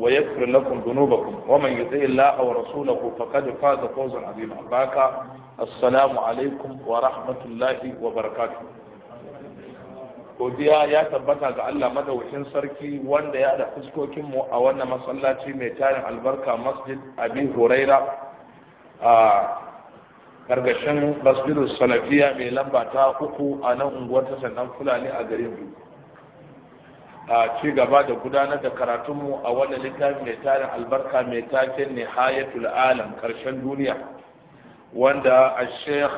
ويغفر لكم ذنوبكم ومن يطع الله ورسوله فقد فاز فوزا عظيما باك السلام عليكم ورحمة الله وبركاته godiya ya tabbata ga Allah madawacin sarki wanda ya da fuskokin mu a wannan masallaci mai tarin albarka masjid Abi Huraira a gargashin masjidus salafiya mai lamba ta uku a nan unguwar ta sannan fulani a garin biyu a ci gaba da gudanar da karatunmu a wannan littafi mai tarin albarka mai taken hayatul alam karshen duniya wanda a sheikh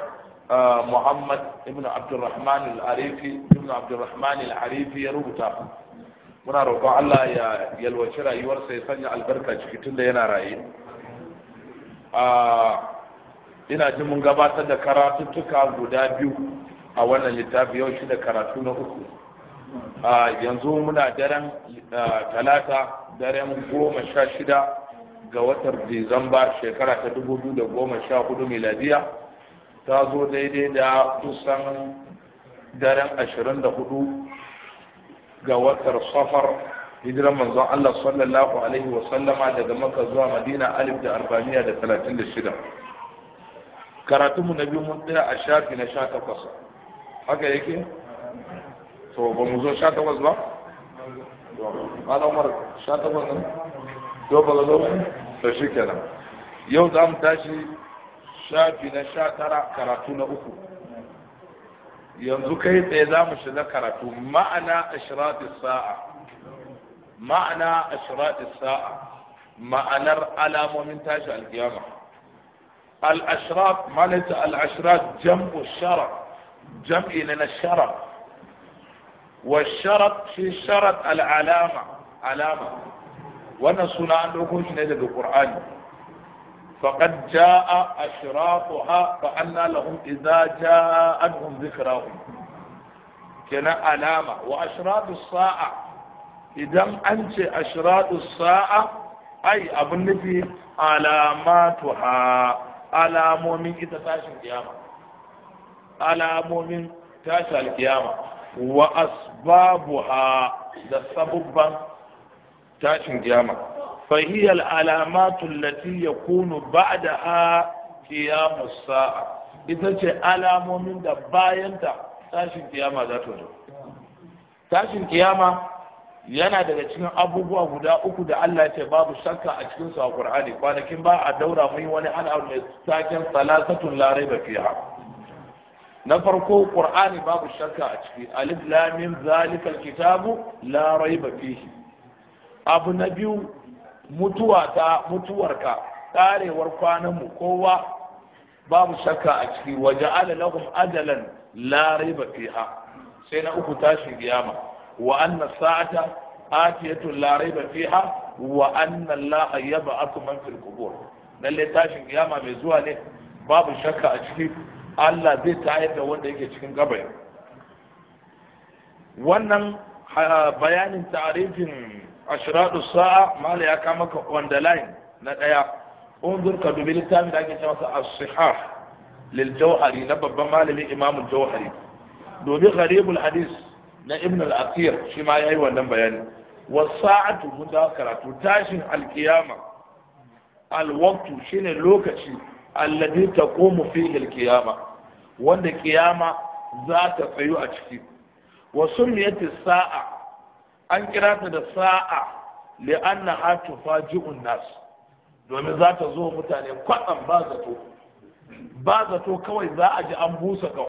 muhammad ibn abdurrahman al-arifi ibn abdurrahman al-arifi ya rubuta muna roƙon allah ya yalwaci rayuwarsa ya sanya albarka ciki tun da yana raye ina ji mun gabatar da karatuttuka guda biyu a wannan littafi yau shi da karatu na uku yanzu muna daren talata daren goma sha shida ga watan dezamba shekara ta dubu biyu da goma sha hudu miladiya ta zo daidai da kusan daren ashirin da hudu ga watar safar hijiran manzon Allah sallallahu alaihi wa sallama daga maka zuwa madina alif da arba'iniya da talatin da shida karatunmu na biyu mun tsaya a shafi na sha takwas haka yake سو بو مزو شاتا واس با با دا عمر شاتا واس دو بلا دو تشي كلا يو دام تاشي شافي نا شاترا كراتونا اوكو ينزو كي تيزام شلا كراتو معنى اشراط الساعة معنى اشراط الساعة معنى الالام ومن تاشي القيامة الاشراط معنى الاشراط جمع الشرع جمع لنا الشرع والشرط في الشرط العلامة علامة وانا سنة لكم شنيدة القرآن فقد جاء أشراطها فأنا لهم إذا جاءتهم ذكرهم كنا علامة وأشراط الساعة إذا أنت أشراط الساعة أي أبن في علاماتها على مؤمن إذا تاشي القيامة على مؤمن تاشي القيامة wa asbabuha da sabubban tashin kiyama ya kunu ba da ha قيام sa'a ita ce alamomin da bayanta tashin kiyama za ta zo tashin kiyama yana daga cikin abubuwa guda uku da Allah ce babu shakka a cikin sa Qur'ani kwanakin ba a daura mun wani al'amari mai taken salasatun larai ba fiha na farko ƙur'ani babu shakka a ciki alif lam zalikal kitabu la raiba fihi abu na biyu mutuwa ta mutuwarka karewar kwanan mu kowa babu shakka a ciki waja'ala lahum ajalan la raiba fiha sai na uku tashi kiyama wa anna sa'ata atiyatun la raiba fiha wa anna allaha yab'athu man fil qubur lalle tashin kiyama mai zuwa ne babu shakka a ciki Allah zai tayar da wanda yake cikin kabari wannan bayanin tarifin ashiradu sa'a mala ya kama ka on line na daya unzur ka dubi littafin da ake cewa as-sihah lil jawhari na babban malamin imam jawhari domin gharibul hadis na ibn al-aqir shi ma yayi wannan bayani wasa'atu mun da karatu tashin al-qiyama al-waqtu shine lokaci alladhi taqumu fihi alqiyama wanda ƙiyama za ta tsayu a ciki wa summiyat as-sa'a an kira ta da sa'a li'annaha tufaji'un nas domin za ta zo mutane kwatsam ba zato ba zato kawai za a ji an busa